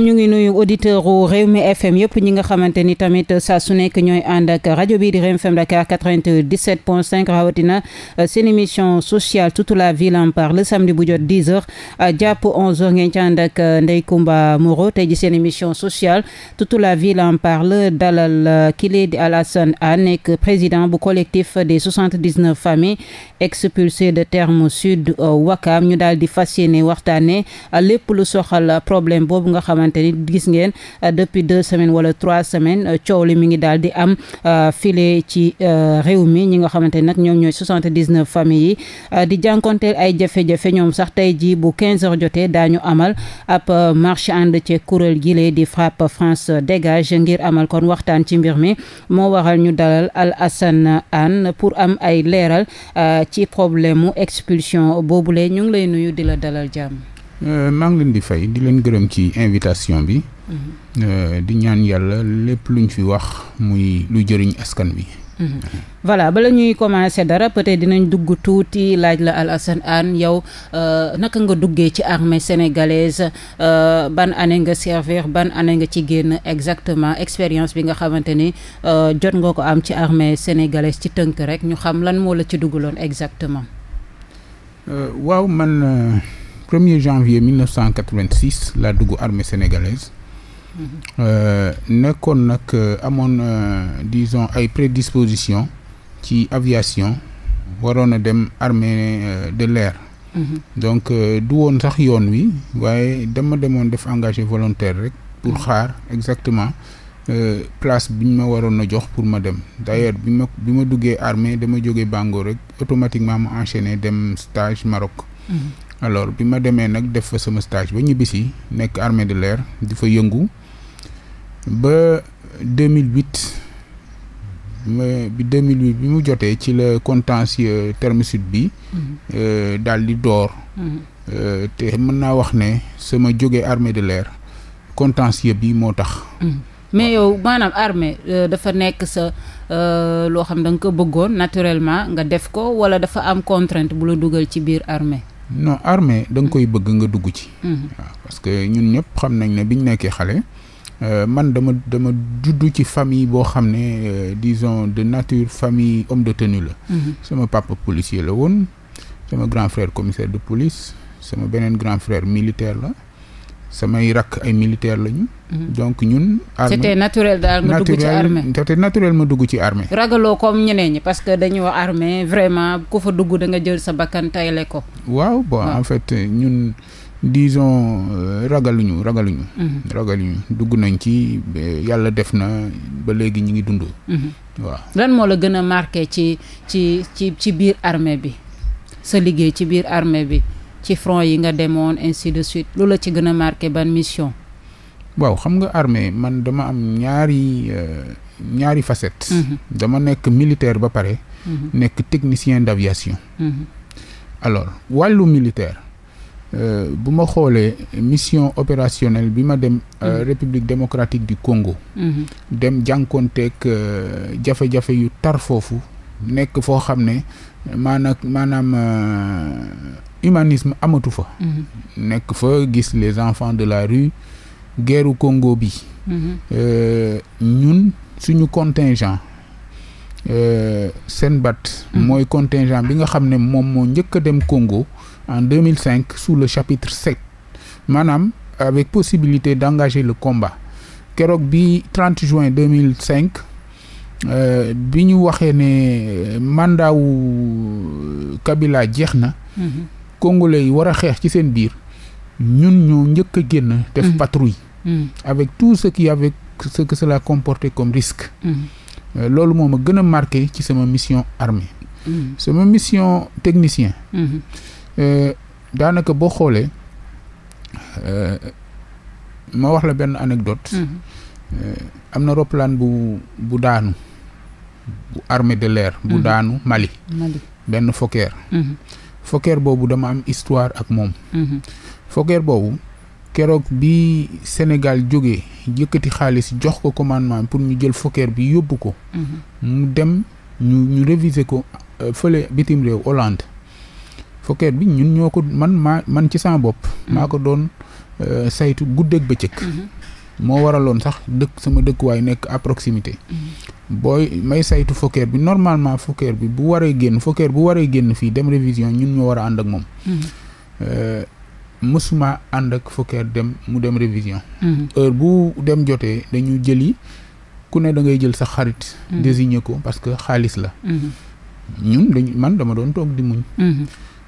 ñu ngi nuyu auditeur u Rewmi FM yëpp ñi nga xamante ni tamit saa su nekk ñooy ànd ak rajo bii di Rewmi FM Dakar 97 point 5 rawatina euh, seen émission sociale toute la ville en parle samedi bu jot 10 heures jàpp 11 heures ngeen ci ànd ak euh, Ndeye Comba Moreau ji seen émission sociale toute la ville en parle dalal euh, kile di Alassane Hann nekk président bu collectif des famille familles expulsées de Terme Sud Ouakam ñu daal di fas yéene waxtaane lépp lu soxal problème boobu nga xamante xamante gis ngeen euh, depuis deux semaines wala trois semaines euh, coow mi ngi daal di am euh, file ci réew mi ñi nga xamante ni nag ñoom ñooy soixante dix neuf familles yi di jànkonteel ay jafe ñoom sax tey jii bu quinze heures jotee daañu amal ab marche ànd ci kuréel gile di FRAPP France dégage ngir amal kon waxtaan ci mbir mi moo waral ñu dalal Al Hassane Hanne pour am ay leeral ci problème mu boobu boobule ñu ngi lay nuyu di la dalal jàmm Euh, maa ngi leen di fay di leen gërëm ci invitation bi. Mm-hmm. Euh, di ñaan yàlla lépp lu ñu fi wax muy lu jëriñ askan bi mm-hmm. voilà bala ñuy commencé dara peut-être dinañ dugg tuuti laaj la Alassane Hann yow euh, naka nga duggee ci armée sénégalaise ban année nga servir ban année nga ci génn exactement expérience bi nga xamante ni jot nga ko am ci armée sénégalaise ci tënk rek ñu xam lan moo la ci dugaloon exactement. waaw man. 1er janvier 1986 laa dugg armée sénégalaise mm-hmm. euh, nekkoon nag euh, amoon euh, disons ay prédisposition ci aviation waroon a dem armée de l'air mm-hmm. donc du woon sax yoon wi waaye dama demoon def engagé volontaire rek pour mm-hmm. xaar exactement place bi ñu ma waroon a jox pour ma dem d'ailleurs bi ma bi ma duggee armée dama jógee Bango rek automatiquement ma enchaîné dem stage Maroc alors bi ma demee nag def fa sama stage ba ñibbisi nekk armée de l'air di fa yëngu ba 2008 ma bi 2008 bi mu jotee ci la contentieux terme sud bi mhm. euh, daal di door mhm. euh, te mën naa wax ne sama jóge armée de l'air contentieux bi moo tax mhm. mais yow maanaam armée euh, dafa nekk sa loo xam da nga ko bëggoon naturellement nga def ko wala dafa am contrainte bu la dugal ci biir armée non armée da koy bëgg nga dugg ci. Mm-hmm. waaw parce que ñun ñëpp xam nañ ne ñu nekkee xale. Euh, man dama dama dudd ci famille boo xam ne euh, disons de nature famille homme de tenue la. Mm-hmm. sama papa policier la woon. sama grand frère commissaire de police. sama beneen grand frère militaire la. samay rakk ay militaire lañu. Mhm. donc ñun. armée c'était naturel daal nga dugg ci armée naturel ma dugg ci armée. ragaloo comme ñeneen ñi parce que dañu wax armée vraiment ku fa dugg da nga jël sa bakkan tayle ko. waaw bo en fait ñun disons euh, ragaluñu ragaluñu. Mhm. ragaluñu dugg nañ ci yàlla def na ba léegi ñu ngi dund. Mhm. waaw lan moo la gën a marqué ci ci ci ci biir armée bi sa liggéey ci biir armée bi. ci front yi nga demoon ainsi de suite lu la ci gën a marqué ban mission. waaw xam nga armée man dama am ñaari euh, ñaari facette. Mhm. dama nekk militaire ba pare. Mhm. nekk technicien d'aviation. Mhm. alors wàllu militaire. Euh, bu ma xoolee mission opérationnelle bi ma dem euh, République démocratique du Congo dem jànkoonteeg jafe-jafe yu tar foofu nekk foo xam ne maanaam maanaam humanisme amatu fa mhm. nekk fa gis les enfants de la rue guerru Congo bi mhm. euh, ñun suñu contingent euh, Senbat mhm. mooy contingent bi nga xam ne moom moo njëkk a dem Congo en 2005 sous le chapitre 7 maanaam avec possibilité d'engager le combat keroog bi 30 juin 2005 euh, bi ñu waxee ne mandat wu Kabila jeex na congolais yi war a xeex ci seen biir ñun ñoo njëkk a génn def mm-hmm. patrouille mm-hmm. avec tout ce qui avec ce que cela comportait comme risque mm-hmm. euh, loolu moom ma gën a marqué ci sama mission armée sama mission technicien euh, daanaka boo xoolee euh, ma wax la benn anecdote am na roplaan bu bu daanu bu armée de l'air bu daanu Mali benn Fokker Fokker boobu dama am histoire ak moom. Mhm. Fokker boobu keroog bi Sénégal jóge yëkkati xaalis jox ko commandement pour ñu jël Fokker bi yóbbu ko. Mhm. mu dem ñu ñu réviser ko euh, fële bitim réew Hollande. Fokker bi ñun ñoo ko man maa man ci sama bopp. maa mhm. ko doon euh, saytu guddeeg bëccëg. moo waraloon sax dëkk sama dëkkuwaay nekk à proximité. booy may saytu fokkeer bi normalement fokkeer bi bu waree génn fokkeer bu waree génn fii dem révision ñun ñoo war a ànd ak moom. Mhm. Euh, mësuma ànd ak fokkeer dem mu dem révision. Mhm. heure bu dem jotee dañu jëli ku ne da ngay jël sa xarit. Mhm. désigner ko parce que xaalis la. ñun dañu man dama doon toog di muñ.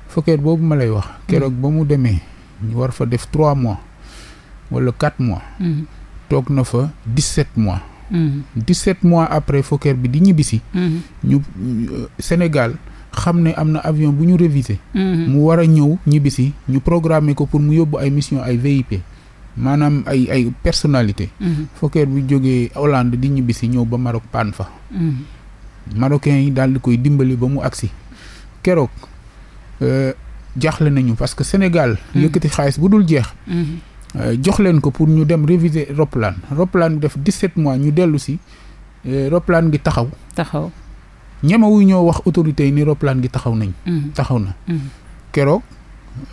fokkeer boobu ma lay wax. keroog ba mu demee ñu war fa def trois mois wala quatre mois. toog na fa dix-sept mois. 17 mm-hmm. mois après Fokker bi di ñibbisi. Mm-hmm. ñu Sénégal xam ne am na avion bu ñu révisé. Mm-hmm. mu war a ñëw ñibbisi ñu programmer ko pour mu yóbbu ay mission ay VIP. maanaam ay ay personnalité Fokker bi jógee Hollande di ñibbisi ñëw ba Maroc paan fa. Marocains yi daal di koy dimbali ba mu agsi keroog euh, jaaxle nañu parce que Sénégal. yëkkati xaalis bu dul jeex. Euh, jox leen ko pour ñu dem réviser roplaan roplaan bi def 17 mois ñu dellu si euh, roplaan gi taxaw. taxaw ñemewu ñoo wax autorités yi ni roplaan gi taxaw nañ. Mm-hmm. taxaw na mm-hmm. keroog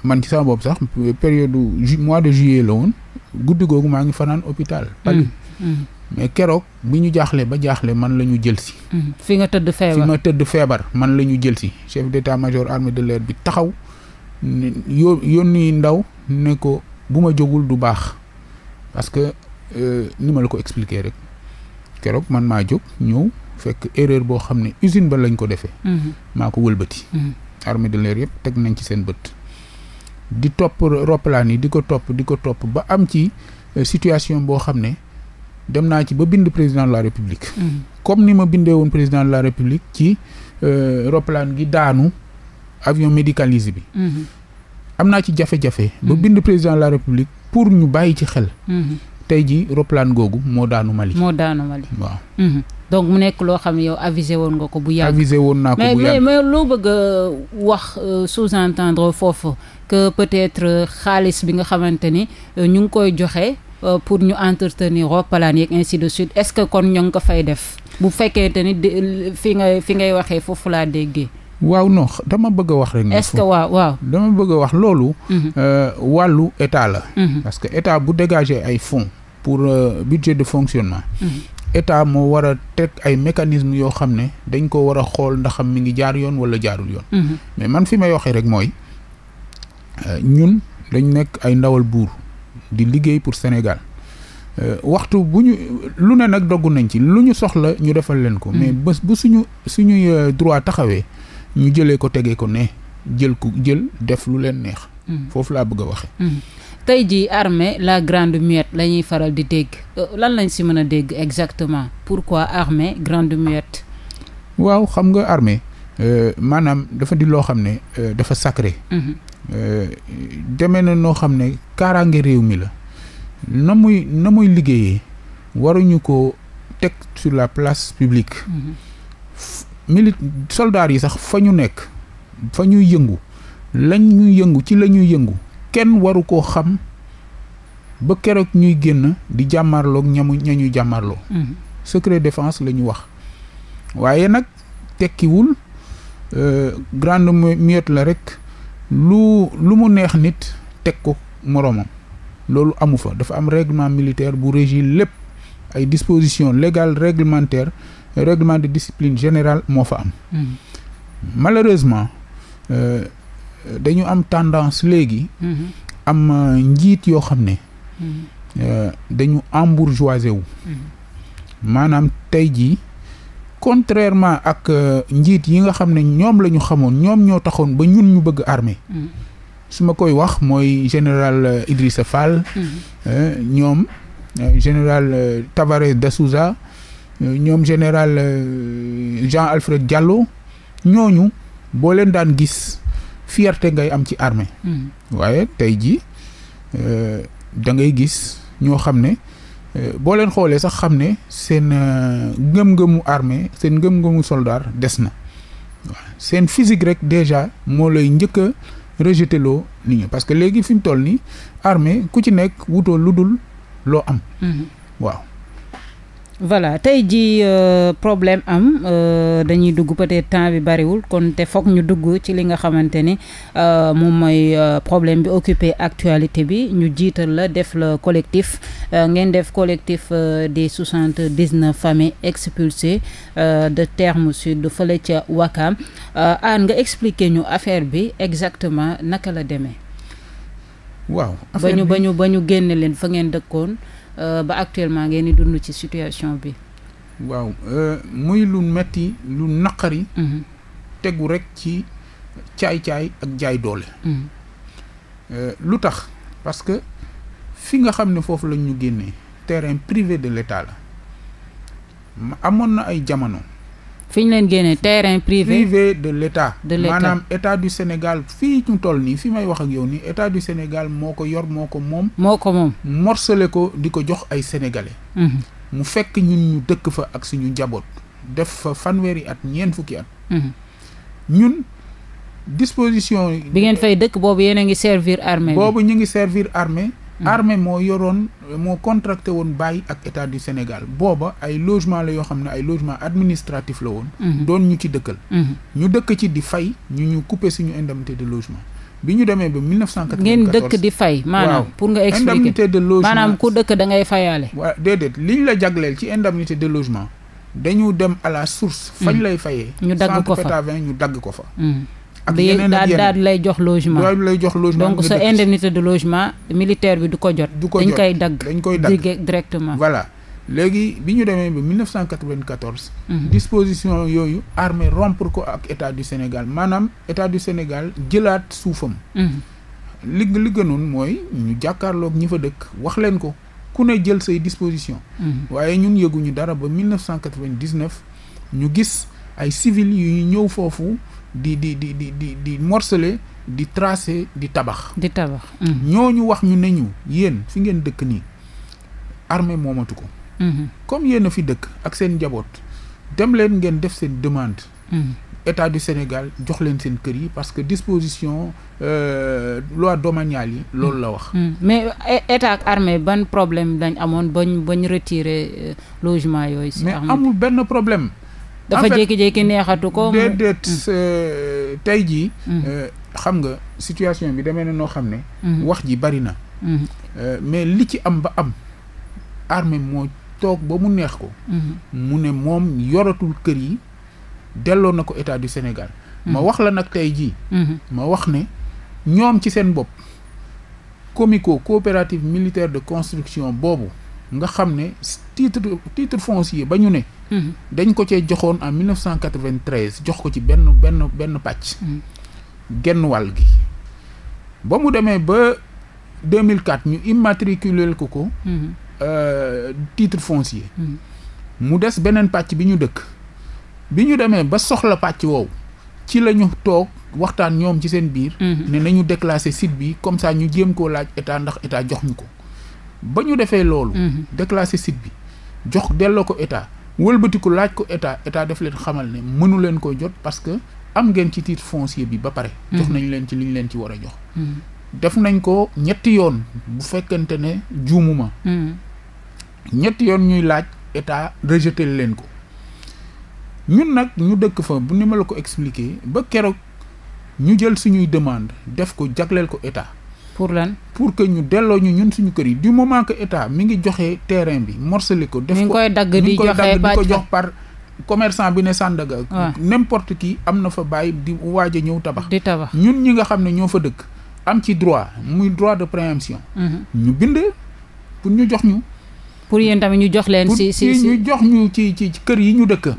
man ci sama bopp sax période ju mois de juillet la woon guddi googu maa ngi fanaan hôpital. Paris mm-hmm. mais keroog bi ñu jaaxle ba jaaxle man la ñu jël si. fi nga tëdd feebar tëdd feebar man la ñu jël si chef d'état-major armée de l'air bi taxaw yónni ndaw ne bu ma jógul du baax parce que euh, ni ma la ko expliquer rek keroog man maa jóg ñëw fekk erreur boo xam ne usine ba lañ ko defee. Mhm. maa ko wëlbati. Mhm. armée de l'air yëpp teg nañ ci seen bët. di topp roplaan yi di ko topp di ko topp ba am ci euh, situation boo xam ne dem naa ci ba bind président de la république. Mhm. comme ni ma bindee woon président de la république ci euh, roplaan gi daanu avion médicalisé bi. am naa ci jafe-jafe. ba hmm. bind président de la république pour ñu bàyyi ci xel. Hmm. tey ji roplaan googu moo daanu Mali. moo daanu Mali waaw. Hmm. donc mu nekk loo xam ne yow avisé woon nga ko bu yàgg. avisé woon naa ko bu yàgg mais mais loo bëgg a wax euh, sous-entendre foofu que peut-être euh, xaalis bi nga xamante ni euh, ñu ngi koy joxe pour ñu entretenir roppalaan yeeg ainsi de suite est-ce que kon ñoo ngi ko fay def bu fekkee te ni fi ngay fi ngay waxee foofu laa déggee. waaw non dama bëgg a wax rek. est-ce que waaw bëgg a wax loolu. Mhm. Euh, wàllu état la. Mhm. parce que état bu dégager ay fonds pour euh, budget de fonctionnement. Mhm. état moo war a teg ay mécanismes yoo xam ne dañ ko war a xool ndaxam mi ngi jaar yoon wala jaarul yoon. mais man fi may waxee rek mooy euh, ñun dañ nekk ay ndawal buur di liggéey pour Sénégal. waxtu bu ñu lu ne nag dogg nañ ci lu ñu soxla ñu defal leen ko. mais bés bu suñu suñuy droit taxawee. ñu jëlee ko tegee ko ne jël ku jël def lu leen neex. Mm. foofu laa bëgg a waxe mm. tey jii armée la grande muette la ñuy faral di dégg euh, lan lañ si mën a dégg exactement pourquoi armée grande muette. waaw xam nga armée euh, maanaam dafa di loo xam ne euh, dafa sacré. Mm-hmm. deme na noo xam ne kaaraange réew mi la na muy na muy liggéeyee waruñu ko teg sur la place publique. Mm-hmm. mili soldats yi sax fa ñu nekk fa ñuy yëngu lañ ñuy yëngu ci la ñuy yëngu kenn waru koo xam ba keroog ñuy génn di jàmmarloog ñamu ñañuy jàmmarloo mm-hmm. secret défense la ñu wax waaye nag tekkiwul euh, grande muette la rek lu lu mu neex nit teg ko moroomam loolu amu fa dafa am règlement militaire bu régir lépp ay dispositions légales réglementaires règlement de discipline générale moo fa am. Hmm. malheureusement euh, dañu am tendance léegi. Hmm. am euh, njiit yoo xam ne. Hmm. Euh, dañu embourgeoisé wu. maanaam tey jii contrairement ak njiit yi nga xam ne ñoom la ñu xamoon ñoom ñoo taxoon ba ñun ñu bëgg armée su ma koy wax mooy général Idrissa Fall. ñoom général Tavares D'assouza ñoom général euh, Jean Alfred Diallo ñooñu boo leen daan gis fierté ngay am ci armée hmm. waaye tey jii euh, da ngay gis ñoo xam ne euh, boo leen xoolee sax xam ne seen ngëm-ngëmu armée seen ngëm-ngëmu soldat des na waaw seen physique rek déjà moo lay njëkk a rejeté loo nit ñu parce que léegi fi mu toll nii armée ku ci nekk wutoo lu dul loo am hmm. waaw voilà tey jii euh, problème am euh, dañuy dugg peut-être temps bi bariwul kon te foog ñu dugg ci li nga xamante ni euh, moom mooy problème bi occupé actualité bi ñu jiital la def la collectif ngeen def collectif des soixante-dix-neuf familles expulsées de terme sud fële ca Wakam aan nga expliquer ñu affaire bi exactement naka la demee waaw ba ñu ba ñu ba ñu génn leen fa ngeen dëkkoon Euh, ba actuellement ngeen di dund ci situation bi. waaw euh, muy lu metti lu naqari. Mhm. tegu rek ci caay-caay ak jaay doole. Mhm. Euh, lu tax parce que fi nga xam ne foofu lañ ñu génnee terrain privé de l'État la amoon na ay jamono. fi ñu leen génnee terrain privé. privé de l' état. de l' état maanaam état du Sénégal fii ñu toll nii fi may wax ak yow nii état du Sénégal moo ko yor moo ko moom. moo ko moom morcelé ko di ko jox ay sénégalais. Mhm. mu fekk ñun ñu dëkk fa ak suñu njaboot. def fa fanweeri at ñeent fukki at. Mhm. ñun disposition. bi ngeen fay dëkk boobu yéen a ngi servir armée. boobu ñu ngi servir armée. Mm. armée moo yoroon moo contracté woon bàyyi ak état du Sénégal booba ay logement la yoo xam ne ay logement administratif la woon mm-hmm. doon ñu ci dëkkal mm-hmm. ñu dëkk ci di fay ñu ñu coupé suñu indemité de logement bi ñu demee ba 1994 ngeen dëkk di fay maanaam pour nga expliquer indemnité de logement maanaam ku dëkk da ngay fayaale waaw li ñu la jagleel ci indemnité de logement dañu dem à la source fañ mm. lay fayee ñu dagg ko ñu dagg ko fa mm. ak yeneen ak yeneen daal lay jox logement. daal lay jox logement donc sa indemnité de logement militaire bi du ko jot. du ko jot dañ koy dagg dañ koy dagg directement. voilà léegi bi ñu demee ba 1994. Mhm. disposition yooyu armée rompre ko ak état du Sénégal maanaam état du Sénégal jëlaat suufam. Mhm. li li gënoon mooy ñu jàkkaarloog ñi fa dëkk wax leen ko ku ne jël say disposition mhm. waaye ñun yëguñu dara ba 1999 ñu gis ay civil yu ñëw foofu. di di di di di di morceler di tracer di tabax. di tabax. Mm-hmm. ñooñu wax ñu ne ñu yéen fi ngeen dëkk nii armée moomatu ko. Mm-hmm. comme yéen a fi dëkk ak seen njaboot dem leen ngeen def seen demande. Mm-hmm. état du Sénégal jox leen seen kër yi parce que disposition euh, loi domaniale yi. loolu la wax. mais état ak armée ban problème dañ amoon bañ bañ retirer euh, logement yooyu. si mais amul benn problème. dafa jékki-jékki neexatu ko. déedéet tey jii. Mm. Euh, xam nga situation bi demee na noo xam ne. Mm. wax ji bari na. Mm. Euh, mais li ci am ba am armée moo toog ba mu neex ko. mu ne moom yoratul kër yi delloo na ko état du Sénégal. ma wax la nag tey ji ma wax ne ñoom ci seen bopp. comico coopérative militaire de construction boobu. nga xam ne titre titre foncier ba ñu ne. Mm-hmm. dañ ko cee joxoon en 1993 jox ko ci benn benn benn pàcc. Mm-hmm. genn wàll gi. ba mu demee ba 2004 ñu immatriculé ko ko. Mm-hmm. Euh, titre foncier. mu des beneen pàcc bi ñu dëkk. bi ñu demee ba soxla pàcc woowu. ci la ñu toog waxtaan ñoom ci seen biir. ne nañu déclasser site bi comme ça ñu jéem koo laaj état ndax état jox ñu ko. ba ñu defee loolu. Mhm. déclassé site bi jox delloo ko état wëlbatiku laaj ko état état def leen xamal ne mënu leen koy jot parce que am ngeen ci titre foncier bi ba pare. Mhm. jox nañ leen ci li leen ci war a jox. Mhm. def nañ ko ñetti yoon bu fekkente ne juumuma. ñetti yoon ñuy laaj état rejeté leen ko ñun nag ñu dëkk fa bu ni ma la ko expliquer ba keroog ñu jël suñuy demande def ko jagleel ko état. pour lan pour que ñu delloo ñu ñun suñu kër yi di moment que état mi ngi joxe terrain bi morcelé ko. def ko mi ngi koy dagg di jox par commerçant bi ne Sandaga. n'importe qui am na fa bàyyi di waaj a ñëw tabax. di tabax ñun ñi nga xam ne ñoo fa dëkk. am ci droit muy droit de préemption. Mhm. ñu bind pour ñu jox ñu. pour yéen tamit ñu jox leen. si si si ñu jox ñu ci ci kër yi ñu dëkk.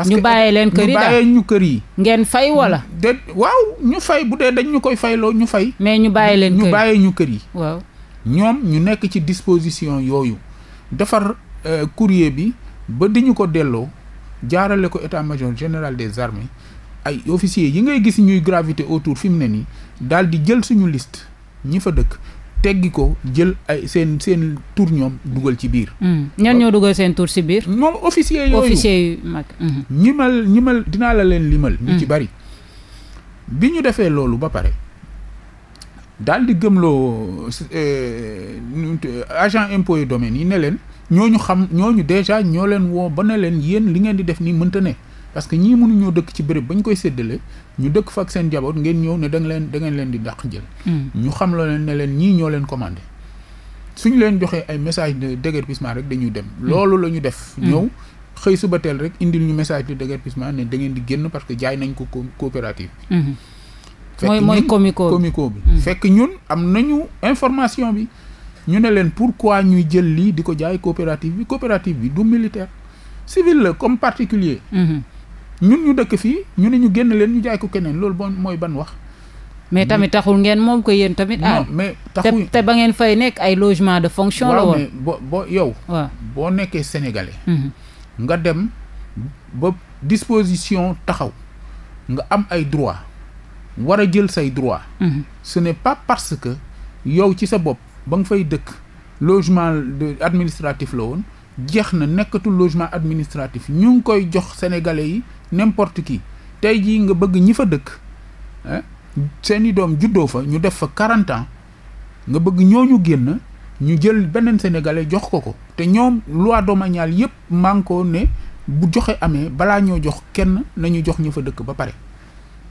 parce que ñu bàyyi leen kër yi ñu kër yi. ngeen fay wala. de waaw ñu fay bu dee dañu ñu koy fayloo ñu fay. mais ñu bàyyi leen kër yi ñu bàyyi ñu kër yi. waaw ñoom ñu nekk ci disposition yooyu defar euh, courrier bi ba di ñu ko delloo jaarale ko état major général des armées ay officiers yi ngay gis ñuy gravité autour fi mu ne nii daal di jël suñu liste ñi fa dëkk. teggi ko jël ay seen seen tur ñoom dugal ci biir. Hmm. ñan ñoo dugal seen tur ci biir. moom officier yooyu officier yu mag. Hmm. ñimal ñimal dinaa la leen limal. ñu ci hmm. bari bi ñu defee loolu ba pare daal di gëmloo euh, agent impôt et domaine yi ne leen ñoo ñu xam ñooñu déjà ñoo leen woo ba ne leen yéen li ngeen di def nii mënta ne. parce que ñii mënuñoo dëkk ci béréb ba ñu koy séddale ñu dëkk fa ak seen jaboot ngeen ñëw ne da leen da leen di dàq jël. Hmm. ñu xam la leen ne leen ñii ñoo leen commandé suñu leen joxee ay message de déguerpissement rek dañuy dem. Hmm. loolu la ñu def. Hmm. ñëw xëy suba teel rek indil ñu message de déguerpissement ne da ngeen di génn parce que jaay nañ ko coopérative bi. mooy mooy comico comico bi. fekk ñun am nañu information bi ñu ne leen pourquoi ñuy jël lii di ko jaay coopérative bi coopérative bi du militaire civil la comme particulier ñun ñu dëkk fii ñu ne ñu génn leen ñu jaay ko keneen loolu bon mooy ban wax. mais tamit taxul ngeen moom ko yéen tamit. ah mais taxul te ba ngeen fay nekk ay logement de fonction la woon bo bo yow. boo nekkee sénégalais. Mhm. nga dem ba disposition taxaw nga am ay droit war a jël say droit. Mhm. ce n'est pas parce que yow ci sa bopp ba nga fay dëkk logement administratif la woon jeex na nekkatul logement administratif ñu ngi koy jox sénégalais yi. n'importe qui tey jii nga bëgg ñi fa dëkk seeni doom juddoo fa ñu def fa quarante ans nga bëgg ñooñu génn ñu jël beneen sénégalais jox ko ko te ñoom loi domaniale yépp mànkoo ne bu joxe amee balaa ñoo jox kenn na ñu jox ñu fa dëkk ba pare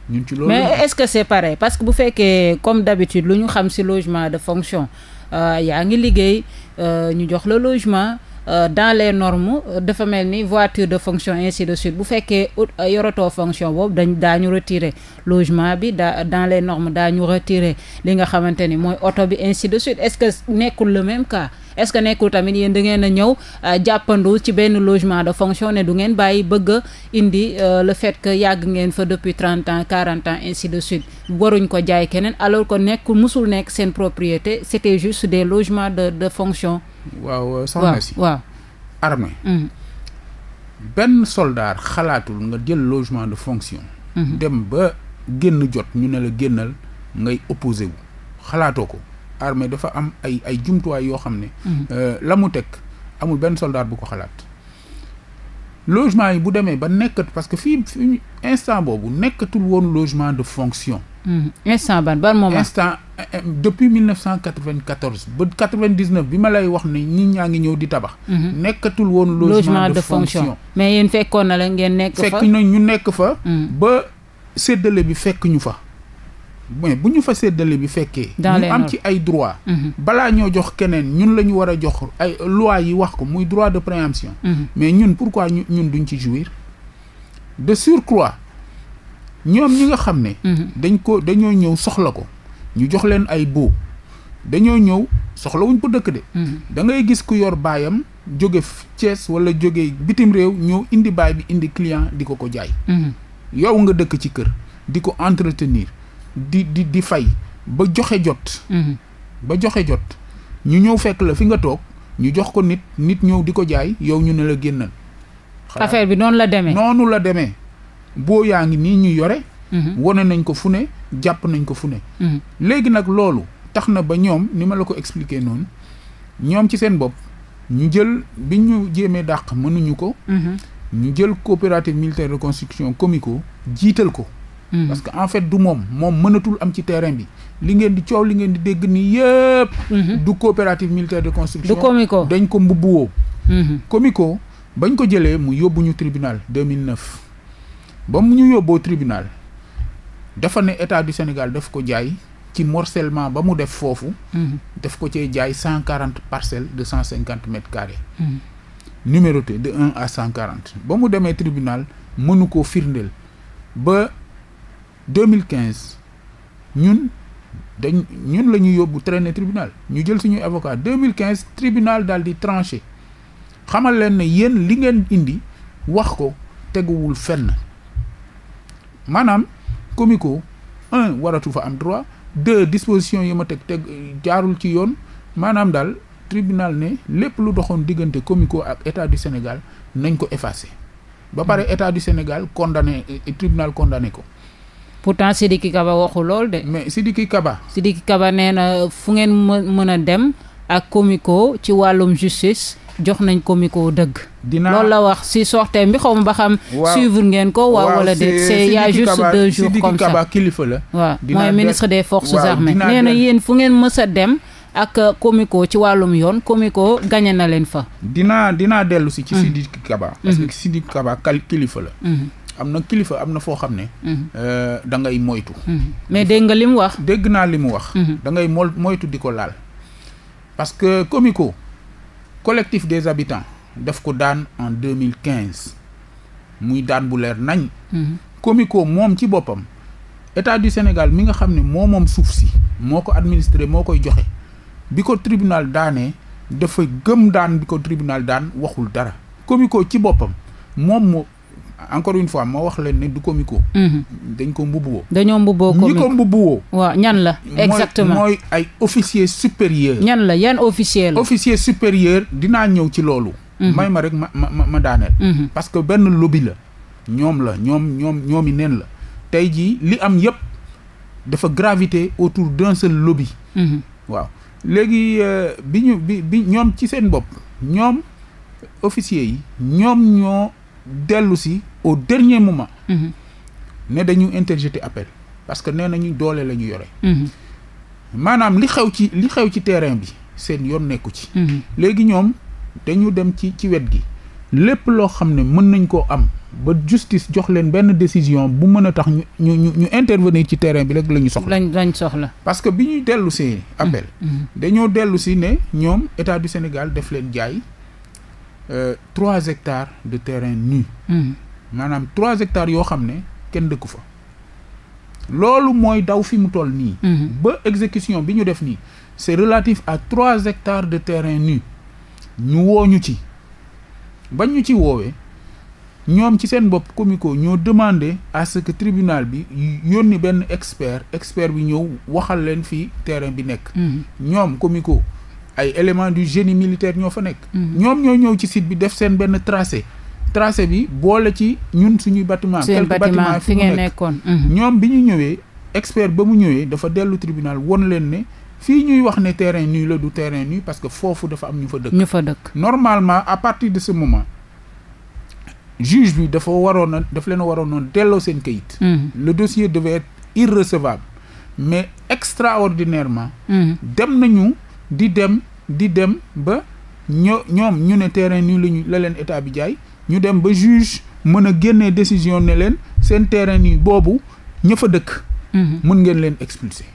ñu ci loolu mais est-ce que c'est pareil parce que bu fekkee comme d'habitude lu ñu xam ci logement de fonction euh, yaa ngi liggéey euh, ñu jox la logement Euh, dans les normes euh, dafa mel ni voiture de fonction ainsi de suite bu fekkee euh, yorotoo fonction boobu dañ daañu retirer logement bi daa dans les normes daañu retirer li nga xamante ni mooy oto bi ainsi de suite est-ce que nekkul le même cas est-ce que nekkul tamit yéen da ngeen a ñëw jàppandu ci benn logement de fonction ne du ngeen bàyyi bëgg a indi le fait que yàgg ngeen fa depuis trente ans quarante ans ainsi de suite waruñ ko jaay keneen alors que nekkul musul nekk seen propriété c'était juste des logements de de fonction waaw soxna si mm. benn soldat xalaatul nga jël logement de fonction mm-hmm. dem ba génn jot ñu ne la génnal ngay opposé wu xalaatoo ko armée dafa am ay ay jumtuwaay yoo xam ne mm-hmm. euh, la mu teg amul benn soldat bu ko xalaat logement yi bu demee ba nekkat parce que fii instant boobu nekkatul woon logement de fonction Hmm. instant ban ban moment instant eh, eh, depuis 1994 ba 99 bi ma lay wax ni ñi ñaa ngi ñëw di tabax. Hmm. nekkatul woon logement de fonction mais yéen fekkoon na la ngeen nekk fa fekk na ñu nekk fa. Hmm. ba séddale bi fekk ñu fa. mais bu ñu fa séddale bi fekkee. ñu am ci ay droit balaa ñoo jox keneen ñun la ñu war a jox ay loi yi wax ko muy droit de préemption. mais ñun pourquoi ñun duñ ci jouir de surcroît. ñoom ñi nga xam ne. Mm-hmm. dañ ko dañoo ñëw soxla ko ñu jox leen ay boo dañoo ñëw soxla wuñ ko dëkk de. Mm-hmm. da ngay gis ku yor baayam jóge Thiès wala jóge bitim réew ñëw indi baay bi indi client di ko ko jaay. Mm-hmm. yow nga dëkk ci kër di ko entretenir di di di fay ba joxe jot. ba joxe jot ñu ñëw fekk la fi nga toog ñu jox ko nit nit ñëw di ko jaay yow ñu ne la génnal. affaire bi noonu la demee noonu la demee. boo yaa ngi nii ñu yore mhm. wane nañ ko fu ne jàpp nañ ko fu ne mhm. léegi nag loolu tax na ba ñoom ni ma la ko expliquer noonu ñoom ci seen bopp ñu jël bi ñu jéemee dàq mënuñu ko mhm. ñu jël coopérative militaire de construction comico jiital ko parce que en fait du moom moom mënatul am ci terrain bi li ngeen di coow li ngeen di dégg nii yëpp du coopérative militaire de construction du comico dañ ko mbubbu woo comico bañ ko jëlee mu yóbbu ñu tribunal 2009 ba mu ñu yóbboo tribunal dafa ne état du Sénégal daf ko jaay ci morcellement ba mu def foofu. Mhm. daf ko cee jaay cent quarante parcelle de cent cinquante mètres carrés. Mhm. numéroté de un à cent quarante ba mu demee tribunal mënu ko firndeel ba deux mille quinze ñun. dañ ñun la ñu yóbbu traîner tribunal ñu jël suñuy avocat 2015 tribunal daal di tranché xamal leen ne yéen li ngeen indi wax ko teguwul fenn maanaam comico un waratu fa am droit deux dispositions yi ma teg teg jaarul ci yoon maanaam daal tribunal ne lépp lu doxoon diggante comico ak état du Sénégal nañ ko effacer ba pare hmm. état du Sénégal condamné eh, tribunal condamné ko. pourtant Sidiki Kaba waxu lool de. mais Sidiki Kaba. si Sidiki Kaba nee na fu ngeen mën a dem ak comico ci wàllum justice. jox nañ ko dëgg. dinaa loolu la wax si sorteem bi xaw ma ba xam. suivre ngeen ko. waaw wala déet c'est il y a juste deux jours comme ça Sidiki Kaba kilifa la. waaw mooy ministre des forces armées. nee na fu ngeen mës a dem. ak Comico ci wàllum yoon Comico gañe na leen fa. dinaa dinaa dellu si ci mm-hmm. Sidiki Kaba. parce que mm-hmm. Sidiki Kaba kilifa la. Mm-hmm. am na kilifa am na foo xam ne. Euh, da ngay moytu. mais dégg nga li wax. dégg naa li mu wax. dangay ngay moytu di ko laal. parce que Comico. collectif des habitants def ko daan en deux mille quinze muy daan bu leer nañ. Mhm. comico moom ci boppam état du Sénégal mi nga xam ni moo moom suuf si moo ko administré moo koy joxe bi ko tribunal daanee dafa gëm daan bi ko tribunal daan waxul dara comico ci boppam moom moo encore une fois ma wax leen ne du comico mhm. dañ ko mbubboo dañoo mbubboo comico ñi ko mbubboo waaw ñan la exactement mooy ay officier supérieur ñan la yan officier la officier supérieur dinaa ñëw ci loolu mhm. may ma rek ma ma daaneel mhm. parce que benn lobby la ñoom la ñoom ñoom ñoomi neen la tey jii li am yëpp dafa gravité autour d'un seul lobby waaw léegi euh, bi ñoom ci seen bopp ñoom officier yi ñoom ñoo dellu si au dernier moment. Mhm. ne dañu interjeter appel parce que nee nañu doole lañu yore. Mhm. maanaam li xew ci li xew ci terrain bi seen yoon nekku ci. Mhm. léegi ñoom dañu dem ci ci wet gi. lépp loo xam ne mën nañ koo am ba justice jox leen benn décision bu mën a tax ñu ñu ñu intervenir ci terrain bi rek la ñu soxla. lañ soxla. parce que bi ñuy dellu see appel. dañoo dellu si ne ñoom état du Sénégal def leen jaay. Euh, trois hectares de terrain nu hmm. maanaam trois hectares yoo xam ne kenn dëkku fa loolu mooy daw fi mu toll nii hmm. ba exécution bi ñu def nii c'est relatif à trois hectares de terrain nu ñu woo ñu ci ba ñu ci woowee ñoom ci seen bopp comico ñoo demandé à ce que tribunal bi yónni benn expert expert bi ñëw waxal leen fii terrain bi nekk hmm. ñoom comico ay éléments du génie militaire ñoo fa nekk. Mhm. ñoom ñoo ñëw ci site bi def seen benn tracé. tracé bi boole ci ñun suñuy bâtiment quelques bâtiment fi ngeen nekkoon mhm. ñoom bi ñu ñëwee expert ba mu ñëwee dafa dellu tribunal won leen ne fii ñuy wax ne terrain nu la du terrain nu parce que foofu dafa am ñu fa dëkk ñu fa dëkk normalement à partir de ce moment juge bi dafa waroon a daf leen waroon a delloo seen kayit mhm. le dossier devait être irrecevable mais extraordinairement dem nañu di dem di dem ba ñoo ñoom ñu ne terrain nii lañu la leen état bi jaay ñu dem ba juge mën a génne décision ne leen seen terrain nii boobu ña fa dëkk mhm. mën ngeen leen expulser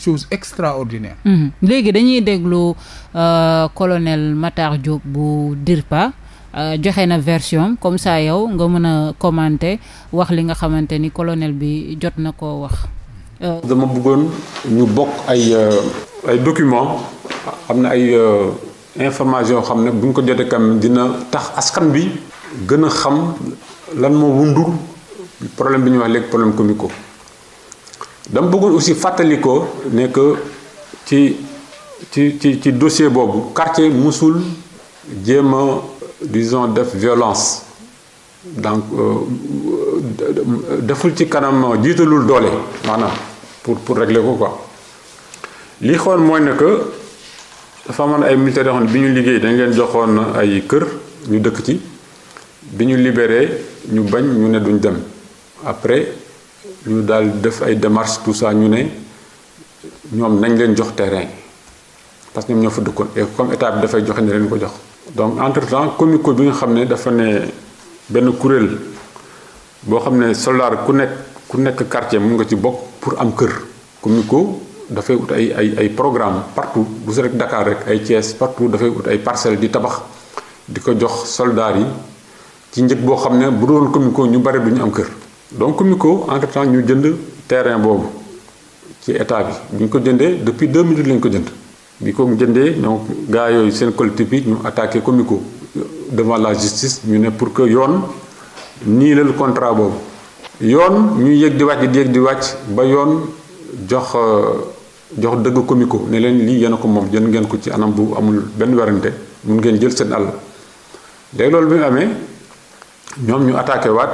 chose extraordinaire mhm. léegi dañuy déglu euh, colonel Matar Diop bu DIRPA euh, joxe na version comme saa yow nga mën a commenter wax li nga xamante ni colonel bi jot na ko wax euh, dama bëggoon ñu bokk ay ay document am na ay euh, information yoo xam ne bu ñu ko jotee kam dina tax askan bi gën a xam lan moo wundur problème bi ñuy wax léegi problème comico dama bëggoon aussi fàttali ko ne que ci ci ci ci dossier boobu quartier musul jéem a disons def violence donc euh, euh, deful ci kanam jiitalul doole maanaam pour pour régler ko quoi lii xoon mooy ne que dafa amoon ay militaires bi ñu liggéey dañ leen joxoon ay kër ñu dëkk ci bi ñu libéré ñu bañ ñu ne duñu dem après ñu daal def ay démarches tout ça ñu ne ñoom nañ leen jox terrain parce que ñoom ñoo fa dëkkoon comme état dafay joxe ne leen ko jox. donc entre temps comico bi nga xam ne dafa ne benn kuréel boo xam ne soldat ku nekk ku nekk quartier mun nga ci bokk pour am kër comico. dafay ut ay ay ay programme partout bu si rek Dakar rek ay Thiès partout dafay ut ay parcelles di tabax di ko jox soldats yi ci njëg boo xam ne bu doon Comico ñu bari du ñu am kër donc Comico entre temps ñu jënd terrain boobu ci état bi bu ñu ko jëndee depuis deux 2000 lañ ko jënd bi ko jëndee ñoo gaa yooyu seen collectif bi ñu attaqué Comico devant la justice ñu ne pour que yoon nii la contrat boobu yoon ñu yéeg di wàcc di yéeg di wàcc ba yoon jox euh, jox dëgg comico ne leen lii yéen ko moom jën ngeen ko ci anam bu amul benn werante mun ngeen jël seen àll léegi loolu bi mu amee ñoom ñu attaqué waat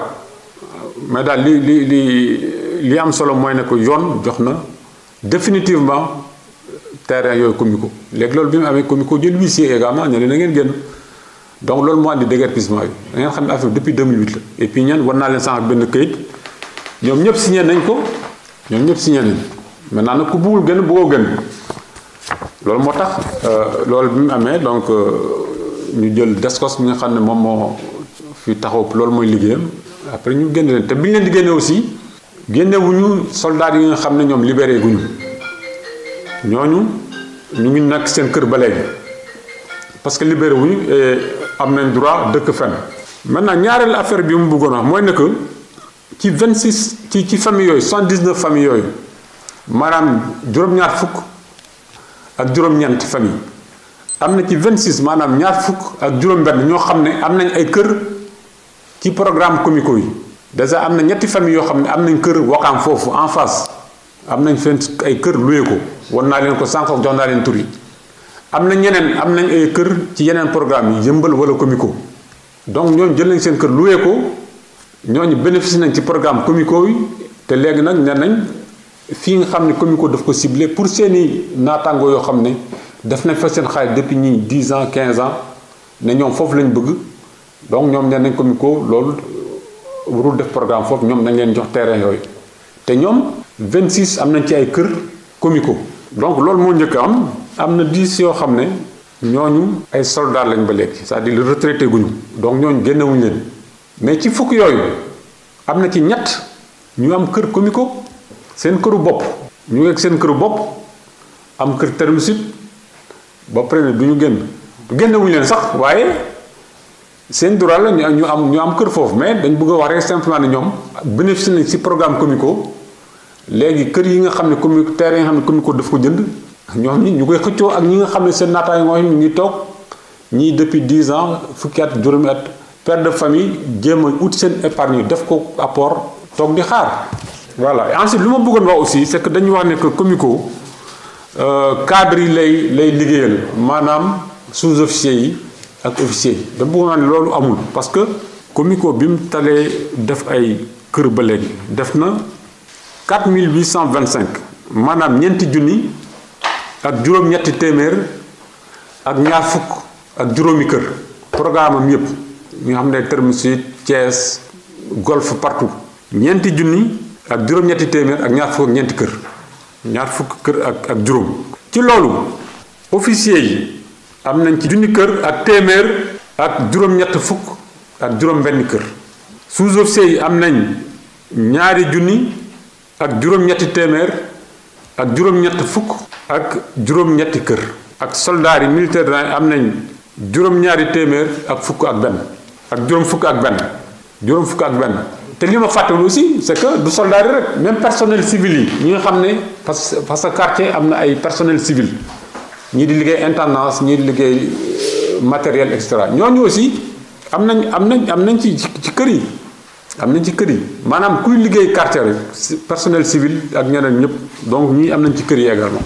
mais daal li li li li am solo mooy ne ko yoon jox na définitivement terrain yooyu comico léegi loolu bi mu amee comico jël huissier également ne leen na ngeen génn donc loolu moo andi déguerpissement bi da ngeen xam ne affaire depuis 2008 la et puis ñan war naa leen sànq benn këyit ñoom ñëpp signé nañ ko ñoom ñëpp signé maintenant nag ku buggul gën bëggoo gën loolu moo tax euh, loolu bi mu amee donc euh, ñu jël descos bi nga xam ne moom moo fi taxaw loolu mooy liggéeyam après ñu génne leen te bi leen di génne aussi génnewuñu soldats yi nga xam ne ñoom libéré guñu ñooñu ñu ngi nag seen kër ba léegi parce que libéré wuñu am nañ droit dëkk fenn. maintenant ñaareelu affaire bi mu bëggoon wax mooy ne que ci 26 ci ci famille yooyu cent 79 famille yooyu. maanaam juróom-ñaar fukk ak juróom-ñeent famille am na ci vingt 26 maanaam ñaar fukk ak juróom-benn ñoo xam ne am nañ ay kër ci programme comico yi des am na ñetti famille yoo xam ne am nañ kër waqaam foofu en face am nañ seen ay kër luye ko wan naa leen ko sànq jox naa leen tur am na ñeneen am nañ ay kër ci yeneen programme yi yëmbal wala comico donc ñooñ jël nañ seen kër luye ko ñooñu bénéficie nañ ci programme comico yi te léegi nag nee nañ. fii nga xam ne Comico daf ko ciblé pour seeni naataango yoo xam ne def nañ fa seen xaalis depuis ñii 10 ans 15 ans ne ñoom foofu lañ bëgg donc ñoom nee nañ Comico loolu warul def programme foofu ñoom nañ leen jox terrain yooyu te ñoom 26 am nañ ci ay kër Comico. donc loolu moo njëkk am am na 10 yoo xam ne ñooñu ay soldats lañ ba léegi c'est-à-dire retraité guñu donc ñooñu génnewuñu leen mais ci fukk yooyu am na ci ñett ñu am kër Comico. seen këru bopp ñu ngeeg seen këru bopp am kër termisit ba pare du ñu génn génne wuñu leen sax waaye seen droit la ñu am ñu am kër foofu mais dañ bëgg a wax rek simplement ne ñoom bénéficié nañ ci programme Comico léegi kër yi nga xam ne Comico terrain nga xam ne Comico daf ko jënd ñoom ñi ñu koy xëccoo ak ñi nga xam ne seen naataangoo yi ñu ngi toog ñii depuis 10 ans fukki at juróomi at père de famille jéem a wut seen épargne def ko apport toog di xaar voilà ensuite lu ma bëggoon wax aussi c'est que dañu wax ne que comico euh, cadre yi lay lay liggéeyal maanaam sous-officier yi ak officier yi da bëggoon ne loolu amul parce que comico bi mu talee def ay kër ba léegi def na 4825 maanaam ñeenti junni ak juróom-ñetti téeméer ak ñaar fukk ak juróomi kër programme am yëpp nga xam ne terme sud Thiès golf partout ñeenti junni ak juróom-ñetti téeméer ak ñaar fukk ak ñeenti kër ñaar fukk kër ak ak juróom. ci loolu officier yi am nañ ci junni kër ak téeméer ak juróom fukk ak juróom kër sous yi am nañ ñaari junni ak juróom-ñetti ak juróom-ñett fukk ak juróom-ñetti kër ak soldats yi militaire am nañ juróom-ñaari téeméer ak fukk ak benn ak juróom fukk ak benn juróom fukk ak benn. te li ma fàttewul aussi c' que du soldat yi rek même personnel civil yi ñi nga xam ne parce que parce que quartier am na ay personnel civil ñii di liggéey intendance ñii di liggéey euh, matériel et cetera ñooñu aussi am nañ am nañ am nañ ci ci kër yi am nañ ci kër yi maanaam kuy liggéey quartier rek personnel civil ak ñeneen ñëpp donc ñii am nañ ci kër yi également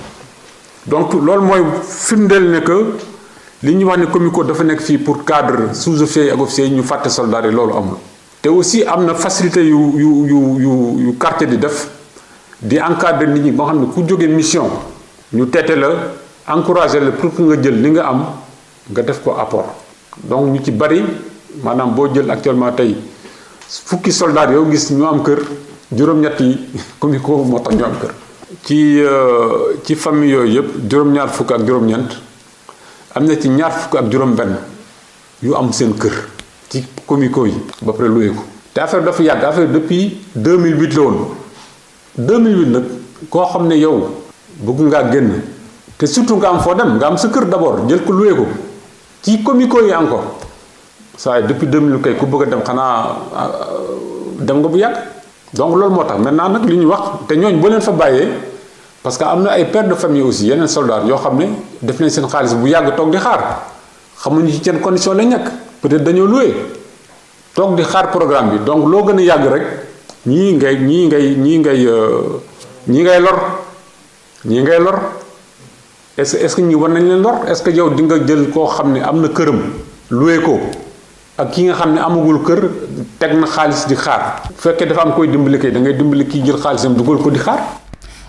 donc loolu mooy firndeel ne que li ñu wax ne comico dafa nekk fii pour cadre sous su yi ak officier ñu fàtte soldat loolu amul te aussi am na facilité yu yu yu yu yu quartier di def di encadrer nit ñi ba xam ne ku jóge mission ñu teete la encourager la pour que nga jël li nga am nga def ko apport donc ñu ci bari maanaam boo jël actuellement tey fukki soldat yow gis ñu am kër juróom-ñett yi comme ko moo tax ñu am kër. ci euh, ci famille yooyu yëpp juróom-ñaar fukk ak juróom-ñeent am na ci ñaar fukk ak juróom-benn yu am seen kër. comico yi ba pare loué ko te affaire dafa yàgg affaire depuis 2008 la woon 2008 nag koo xam ne yow bëgg ngaa génn te surtout nga am foo dem nga am sa kër d'abord jël ko loué ko ci comico yi encore saa yi depuis 2008 kay ku bëgg a dem xanaa euh, dem nga bu yàgg donc loolu moo tax maintenant nag li ñu wax te ñooñ boo leen fa bàyyee parce que am na ay pères de famille aussi yeneen soldats yoo xam ne def nañ seen xaalis bu yàgg toog di xaar xamuñu ci seen condition lañ nekk peut-être dañoo loué toog di xaar programme bi donc loo gën a yàgg rek ñii ngay ñii ngay ñii ngay euh, ñii ngay lor ñii ngay lor est-ce est-ce que ñi war nañ leen lor est-ce que yow di nga jël koo xam ne am na këram loué ko ak kii nga xam ne amagul kër teg na xaalis di xaar bu fekkee dafa am koy dimbali kay da ngay dimbali kii jël xaalisam dugal ko di xaar.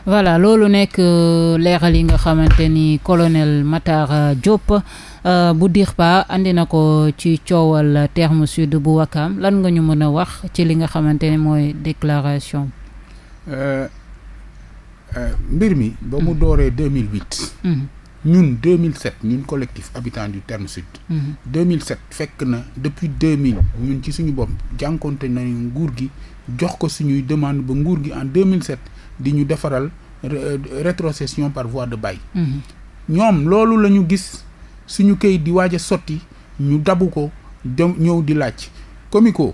voilà loolu nekk euh, leeral yi nga xamante ni colonel Matar euh, Diop. Euh, bu DIRPA andi na ko ci coowal terme sud bu Wakaam lan nga ñu mën a wax ci li nga xamante ne mooy déclaration. Euh, euh, mbir mi. ba mu mm-hmm. dooree 2008. Mm-hmm. ñun 2007 ñun collectif habitant du terme sud. 2007 mm-hmm. fekk na depuis mille ñun ci suñu bopp jànkonte na nguur gi jox ko suñuy demande ba nguur gi en 2007 di ñu defaral rétrocession par voie de bail. ñoom loolu la gis suñu kayit di waaj a sotti ñu dabu ko dem ñëw di laaj comico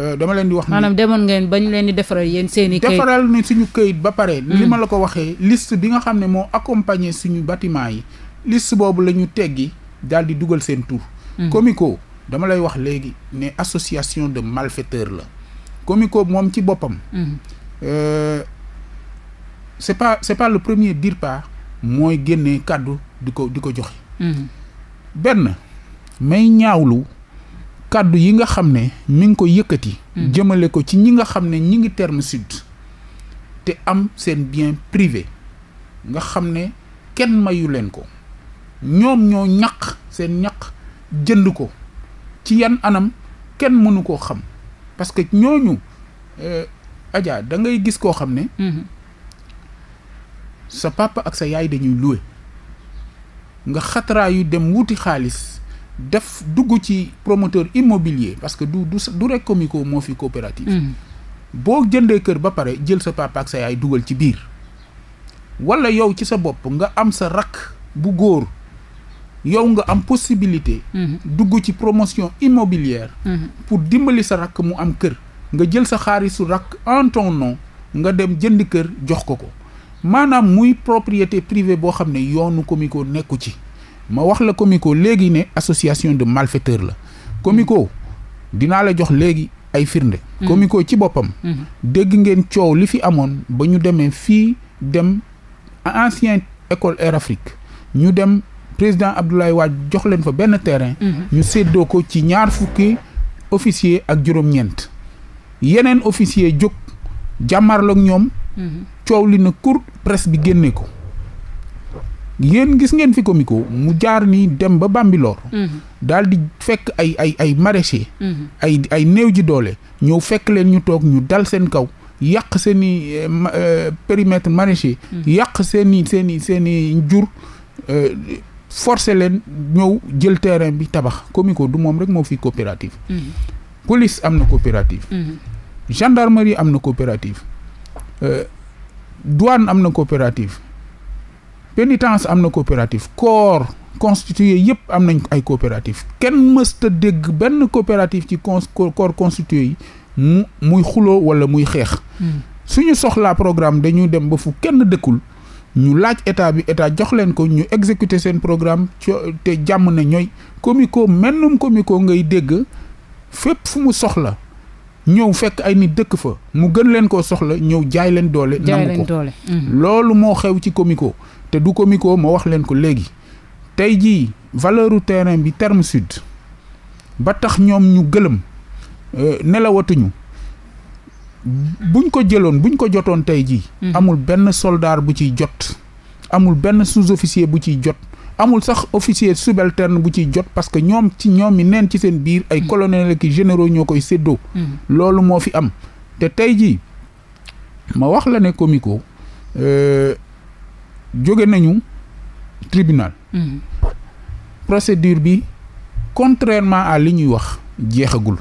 euh, dama leen di wax. maanaam demoon ngeen bañ leen di defaral yéen seen i. kayit defaral ne suñu kayit ba pare. Mm. li ma la ko waxee liste bi nga xam ne moo accompagner suñu bâtiment yi liste boobu la ñu teggi daal di dugal seen tur. Mm. comico dama lay wax léegi ne association de malfaiteurs la. comico moom ci boppam. Mm. Euh, c'est pas c'est pas le premier DIRPA mooy génnee kàddu di ko di ko joxe. benn may ñaawlu kàddu yi nga xam ne mi ngi ko yëkkati. Hmm. jëmale ko ci ñi nga xam ne ñi ngi terme sud. te am seen bien privé nga xam ne kenn mayu leen ko ñoom ñoo ñaq seen ñaq jënd ko ci yan anam kenn mënu koo xam parce que ñooñu euh, Adja da gis koo xam ne. Hmm. sa papa ak sa yaay dañuy loué. nga xataraayu dem wuti xaalis def dugg ci promoteur immobilier parce que du du du rek Comico moo fi coopérative. Mm. boo jëndee kër ba pare jël sa papa sa yaay dugal ci biir. wala yow ci sa bopp nga am sa rakk bu góor yow nga am possibilité. Mm-hmm. dugg ci promotion immobilière. Mm-hmm. pour dimbali sa rakk mu am kër. nga jël sa xaalisu rakk en ton nga dem jënd kër jox ko ko. maanaam muy propriété privée boo xam ne yoonu Comico nekku ci ma wax la Comico léegi ne association de malfaiteurs la Comico dinaa la jox léegi ay firnde mm-hmm. Comico ci boppam mm-hmm. dégg ngeen coow li fi amoon ba ñu demee fii dem ancien école Air Afrique ñu dem président Abdoulaye Wade jox leen fa benn terrain mm-hmm. ñu séddoo ko ci ñaar fukki officier ak juróom-ñeent yeneen officier jóg jàmmarloog ñoom coow li na kur presque bi génne ko yéen gis ngeen fi comico mu jaar ni dem ba Bambilor mhm. daal di fekk ay ay ay maraîcher mhm. ay ay néew ji doole ñëw fekk leen ñu toog ñu dal seen kaw yàq seen i eh, eh, périmètre maraîcher mhm. yàq seeni i seen i seen i jur eh, forcer leen ñëw jël terrain bi tabax comico du moom rek moo fi coopérative police am na coopérative gendarmerie am na coopérative douane am na coopérative pénitence am na coopérative corps constitué yëpp am nañ ay coopérative kenn mësta dégg benn coopérative ci con corps constitué yi mu muy xuloo walla muy xeex hmm. suñu soxlaa programme dañuy dem ba fu kenn dëkkul ñu laaj état bi état jox leen ko ñu exécuter seen programme te jàmm na ñooy comico mennum comico ngay dégg fépp fu mu soxla ñëw fekk ay nit dëkk fa mu gën leen koo soxla ñëw jaay leen doole nangu ko mhm. loolu moo xew ci comico te du comico moo wax leen ko léegi tey jii valeuru terrain bi terme sud ba tax ñoom ñu gëlëm euh, nelawatuñu buñ ko jëloon buñ ko jotoon tey jii mhm. amul benn soldat bu ciy jot amul benn sous-officier bu ciy jot amul sax officier subalterne bu ci jot parce que ñoom ci ñoom mi neen ci seen biir ay mm. colonel ki généraux ñoo koy séddoo mm. loolu moo fi am te tey jii ma wax la ne Comico euh, jóge nañu tribunal mm. procédure bi contrairement à li ñuy wax jeexagul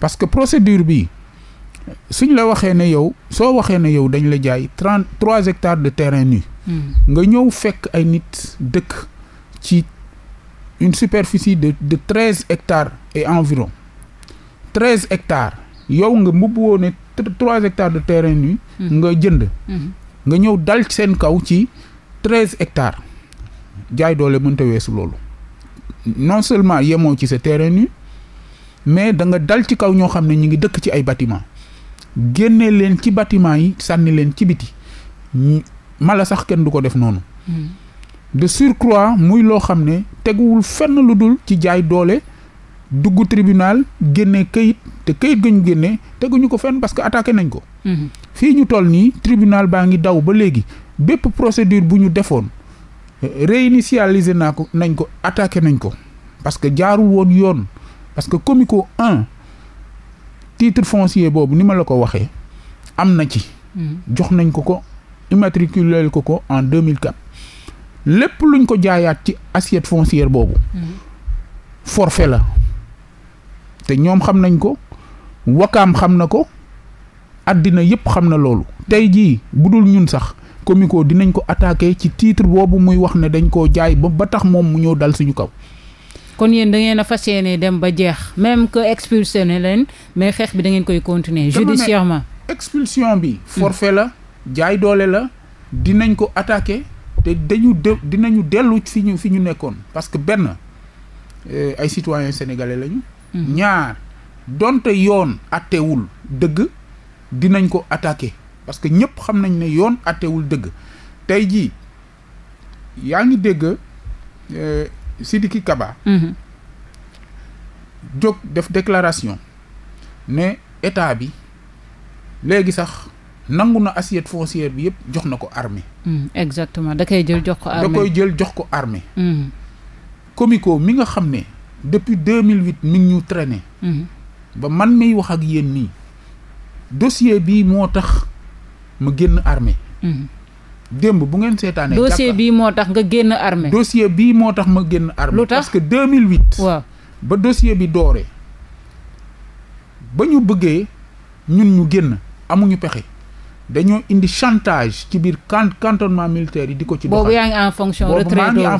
parce que procédure bi suñ la waxee ne yow soo waxee ne yow dañ la jaay trente trois hectares de terrain nu Mm. nga ñëw fekk ay nit dëkk ci une superficie de de treize hectares et environ treize hectares yow nga mbubb woo ne trois hectares de terrain yi mm. nga jënd mm-hmm. nga ñëw dal seen kaw ci treize hectares jaay doole mënta weesu loolu non seulement yemoo ci sa terrain nu mais da nga dal ci kaw ñoo xam ne ñu ngi dëkk ci ay bâtiment génne leen ci bâtiment yi sànni leen ci biti mala sax kenn du ko def noonu. Hmm. de surcroît muy loo xam ne teguwul fenn lu dul ci jaay doole dugg tribunal génne kayit te kayit ga ñu génne teguñu ko fenn parce que attaqué nañ ko. Hmm. fii ñu toll nii tribunal baa ngi daw ba léegi bépp procédure bu ñu defoon réinitialiser naa ko nañ ko attaqué nañ ko parce que jaaru woon yoon parce que ko en tiitre foncier boobu ni ma la ko waxee am na ci. Hmm. jox nañ ko ko immatriculé ko ko en 2004 lépp luñ ko jaayaat ci assiette foncière boobu. Mm-hmm. forfait la te ñoom xam nañ ko wakaam xam na ko àddina yëpp xam na loolu tey jii bu dul ñun sax Comico dinañ ko attaqué ci titre boobu muy wax ne dañ koo jaay ba ba tax moom mu ñëw dal suñu kaw. kon yéen da ngeen a fas yéene dem ba jeex même que ne leen mais xeex bi da ngeen koy continuer judiciairement expulsion bi forfait la jaay doole la dinañ ko attaquer te dañu de dinañu dellu fi ñu fi ñu nekkoon parce que benn euh, ay citoyens sénégalais lañu. Mm-hmm. ñaar donte yoon attewul dëgg dinañ ko attaquer parce que ñëpp xam nañ ne yoon attewul dëgg tey jii yaa ngi dégg euh, Sidiki Kaba. Mm-hmm. jóg def déclaration ne état bi léegi sax. nangu na assiette foncière bi yëpp jox na ko armée hmm, exactement da koy jël jox ko armée da jël jox ko armée hmm. mi nga xam ne depuis 2008 mi ngi ñu traîner. Hmm. ba man miy wax ak yéen nii dossier bii moo tax ma génn armée démb bu ngeen seetaanee. dossier bii moo tax nga génn armée. dossier bii moo tax ma génn armée. lu tax parce que 2008. waaw ba dossier bi dooree ba ñu bëggee ñun ñu génn amuñu pexe. dañoo indi chantage ci biir can cantonnement militaire yi di ko ci doxal boobu yaa ngi en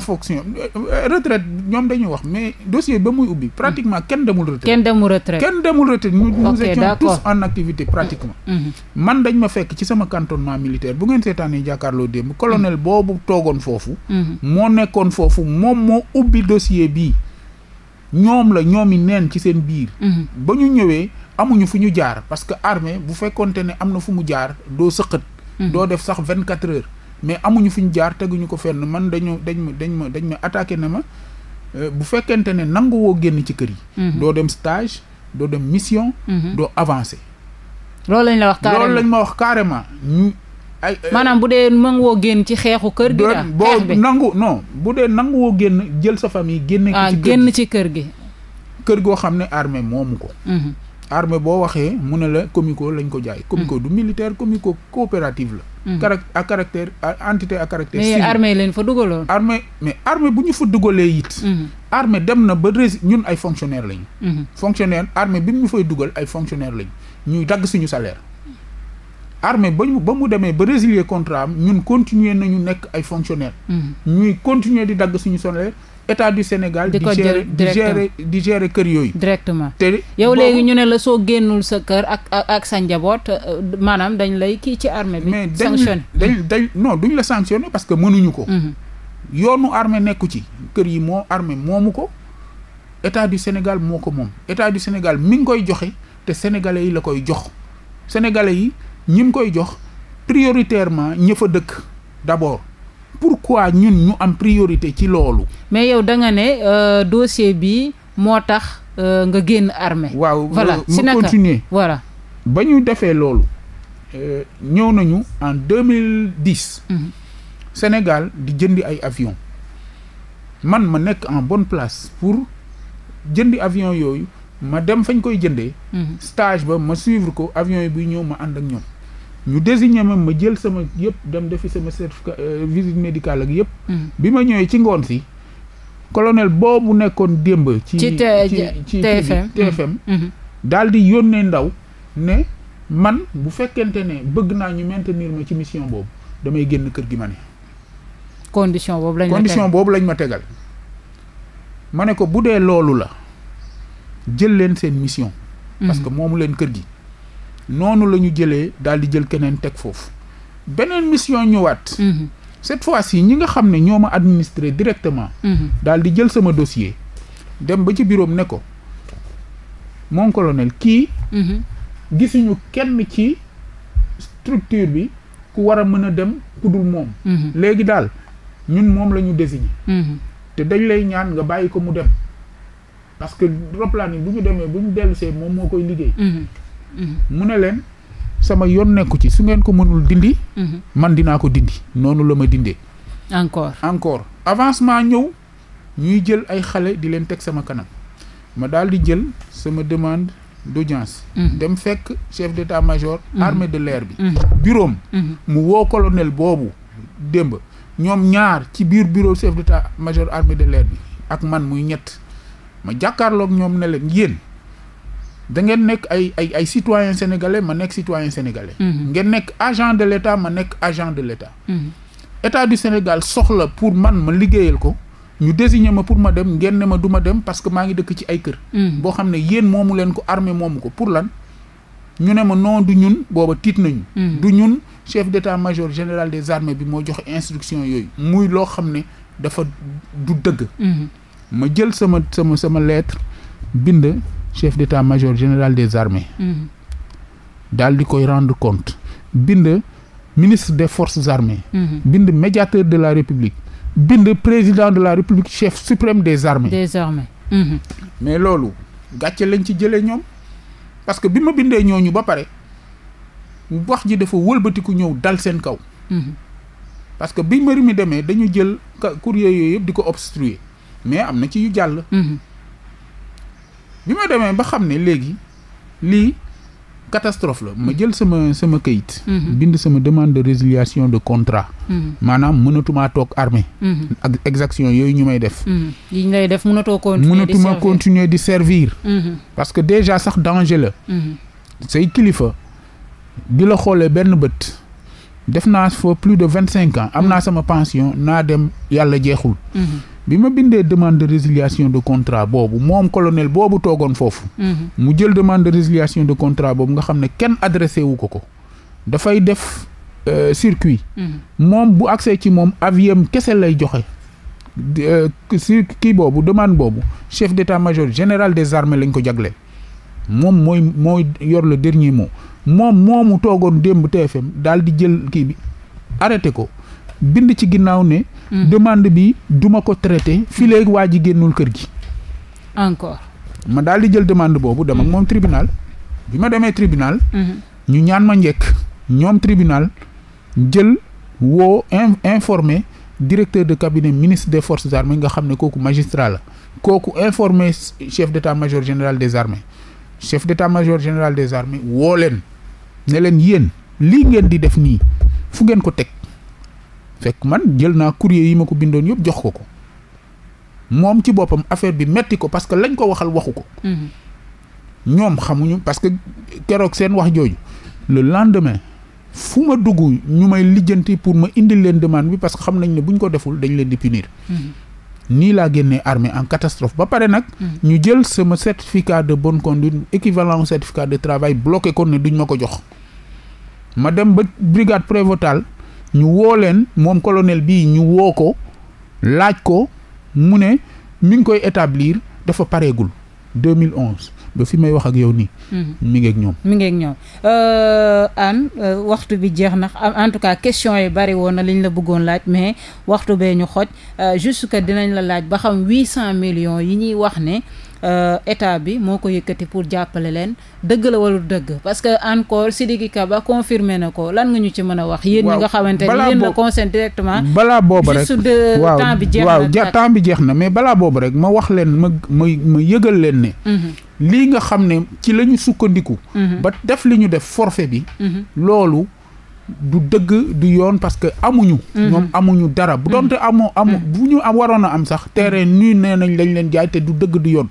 fonction euh, retraite ñoom dañuy wax mais dossier ba muy ubbi mm. pratiquement kenn demul retraite kenn demul retraite kenn demul retraite nous nous mm-hmm. Mm-hmm. man dañ ma fekk ci sama cantonnement militaire bu ngeen seetaanee jàkkaarloo démb colonel mm-hmm. boobu toogoon foofu moo nekkoon foofu moom moo ubbi dossier bi ñoom la ñoom i neen ci seen biir ba ñu ñëwee amuñu fu ñu jaar parce que armee bu fekkonte ne am na fu mu jaar doo sëqët hmm. doo def sax vingt quatre heures mais amuñu fu ñu jaar teguñu ko fenn man dañu dañ ma dañ ma dañ ma attaqué na ma euh, bu fekkente ne nanguwoo woo génn ci kër yi hmm. doo dem stage doo dem mission hmm. doo avancé loolu lañ la wax carrément loolu ma wax carrément ñu ay euh, maanaam bu dee nangu génn ci xeexu kër gi daal boo nangu non bu dee nangu woo génn jël sa famille génne ko ah, ci génn ci kër gi kër goo xam ne armée moomu ko armée boo waxee mu ne la comico lañ ko jaay. comico hmm. du militaire comico coopérative la. Hmm. carac à entité à caractère. civil mais armée leen fa dugaloon. armée mais armée bu ñu fa dugalee it. Hmm. armée dem na ba rés ñun ay fonctionnaire lañ. fonctionnaire armée bi mu fay dugal ay fonctionnaire lañ ñuy dagg suñu salaire. armee ba mu ba mu demee ba résilier contrat am ñun continuer nañu nekk ay fonctionnaire ñuy continuer di dagg suñu salaire état du Sénégal. di ko jël di gérer kër yooyu. directement te yow léegi ñu ne la soo génnul sa kër ak ak sa njaboot euh, maanaam dañ lay kii ci armée bi. sanctionné mais dañ dañ non duñ la sanctionné parce que mënuñu ko. Mm-hmm. yoonu armée nekku ci kër yi moo armée moomu ko état du Sénégal moo ko moom état du Sénégal mi ngi koy joxe te sénégalais yi la koy jox sénégalais yi ñi mu koy jox prioritairement ña fa dëkk d'abord. pourquoi ñun ñu am priorité ci loolu. mais yow da nga ne euh, dossier bi moo tax euh, nga génn armée. waaw voilà euh, si naka continuer voilà. ba ñu defee loolu ñëw nañu en deux mille dix. Mhm. Sénégal di jëndi ay avion man ma nekk en bonne place pour jëndi avion yooyu ma dem fañ koy jëndee. Mhm. stage ba ma suivre ko avion yi buy ñëw ma ànd ak ñoom. ñu désigné ma ma jël sama yëpp dem defi sama certificat euh, visite médicale ak yëpp. Mm-hmm. bi ma ñëwee ci ngoon si. kolonel boobu nekkoon démb. ci ci ci TFM TFM. Mm-hmm. Mm-hmm. daal di yónnee ndaw ne man bu fekkente ne bëgg naa ñu maintenir ma ci mission boobu damay génn kër gi ma ne. condition boobu lañ ma boobu lañ ma tegal. ma ne ko bu dee loolu la jël leen seen mission. parce que moomu leen kër gi. noonu la ñu jëlee daal di jël keneen teg foofu beneen mission ñëwaat. Mhm. cette fois-ci ñi nga xam ne ñoo ma administré directement. Mhm. daal di jël sama dossier dem ba ci bureau ne ko mon colonel kii. Mhm. gisuñu kenn ci structure bi ku war a mën a dem ku moom. léegi daal ñun moom lañu ñu désigné. te dañ lay ñaan nga bàyyi ko mu dem parce que roplaan yi bu ñu demee bu ñu dellusee moom moo koy liggéey. mu ne leen sama yoon nekku ci su ngeen ko mënul dindi mhm. man dinaa ko dindi noonu la ma dindee encore encore avancement ñëw ñuy jël ay xale di leen teg sama kanam ma daal di jël sama demande d'audience mhm. dem fekk chef d'état-major mhm. armée de l'air bi bureau mu woo colonel boobu démb ñoom ñaar ci biir bureau chef d'état-major arme de leer bi ak man muy ñett ma jàkkaarloog ñoom ne leen yéen da ngeen nekk ay ay ay citoyen sénégalais ma nekk citoyen sénégalais mhm. ngeen nekk agent de l'état ma nekk agent de l'état mhm. état du Sénégal soxla pour man ma liggéeyal ko ñu désigné ma pour ma dem ngeen ne ma du ma dem parce que maa ngi dëkk ci ay kër mhm. boo xam ne yéen moomu leen ko armée moomu ko pour lan ñu ne ma non du ñun booba tiit nañu du ñun chef d'état-major général des armées bi moo joxe instruction yooyu muy loo xam ne dafa du dëgg ma jël sama sama sama lettre bind chef d'état-major général des armées. Mm-hmm. dal di koy rend compte bind ministre des forces armées. Mm-hmm. bind médiateur de la république. bind président de la république chef suprême des armées. des mm-hmm. mais loolu gàcce lañ ci jëlee ñoom parce que bi ma bindee ñooñu ba pare wax ji dafa wëlbatiku ñëw dal seen kaw. parce que bi mbir mi demee dañu jël courrier yooyu yëpp di ko obstruer mais am na ci yu jàll. bi ma demee ba xam ne léegi lii catastrophe la ma mm-hmm. jël sama sama kayit. Mm-hmm. bind sama demande de résiliation de contrat. Mm-hmm. maanaam mënatumaa toog armée ak exaction yooyu ñu may def. yi ñu def mënatoo continuer mënatuma continuer di servir. parce que déjà sax danger la. say kilifa di la xoolee benn bët. def naa fa plus de vingt cinq am naa sama pension naa dem yàlla jeexul. bi ma bindee demande de résiliation de contrat boobu moom kolonel boobu toogoon foofu. Mhm. mu jël demande de résiliation de contrat boobu nga xam ne kenn adressé wu ko ko. dafay def euh, circuit. Mhm. moom bu accès ci moom aviam kese lay joxe. si euh, kii boobu demande boobu chef d'état-major général des armées lañ ko jagle moom mooy mooy yor dernier mot moom moomu toogoon démb TFM daal di jël kii bi arrêté ko. bind ci ginnaaw ne. Hmm. demande bi duma ko traité fii hmm. léegi waa ji génnul kër gi. encore. ma daal di jël demande boobu dem ak hmm. moom tribunal bi ma demee tribunal. ñu ñaan ma njëkk ñoom tribunal jël woo in informé directeur de cabinet ministre des forces armées nga xam ne kooku magistrat la kooku informé chef d' état major général des armées chef d' état major général des armées woo leen ne leen yéen lii ngeen di def nii fu ngeen ko teg. fekk man jël naa courrier yi ma ko bindoon yëpp jox ko ko moom ci boppam affaire bi metti ko parce que lañ ko waxal waxu ko. Mhm. ñoom xamuñu parce que keroog seen wax jooju. le lendemain fu ma dugg ñu may lijjanti pour ma indi leen demande bi parce que xam nañ ne buñ ko deful dañ leen di punir. Mhm. nii laa génnee armée en catastrophe ba pare nag. Mhm. ñu jël sama certificat de bon conduite équivalent certificat de travail bloqué ko ne duñ ma ko jox. ma dem ba brigade prévôtale ñu woo leen moom colonel bii ñu woo ko laaj ko mu ne mi koy établir dafa pareegul 2011 ba fi may wax ak yow nii. Mhm. mi ngi ak ñoom. mi ngi ak ñoom euh, Anne euh, waxtu bi jeex na en tout cas question yi bari woon na liñ la bëggoon laaj mais waxtu bee ñu xoj euh, juste que dinañ la laaj ba xam 800 millions yi ñuy wax ne. Euh, état bi moo ko yëkkati pour jàppale leen dëgg la walu dëgg parce que encore si Sidiki Kaba confirmé na ko lan nga ñu ci mën a wax. yéen nga xamante ne yéen la concerne directement. balaa boobu rek euh, waaw temps bi jeex na bi jeex na mais balaa boobu rek ma wax leen ma ma ma yëgal leen ne. Mhm. li nga xam ne ci la sukkandiku. Mhm. ba def li ñu def forfait bi. Mhm. loolu. du dëgg du yoon parce que amuñu. Mhm. ñoom amuñu dara bu doonte mhm. amoo amu mhm. bu ñu waroon a am sax terrain nii nee nañ lañ leen jaay te du dëgg du yoon.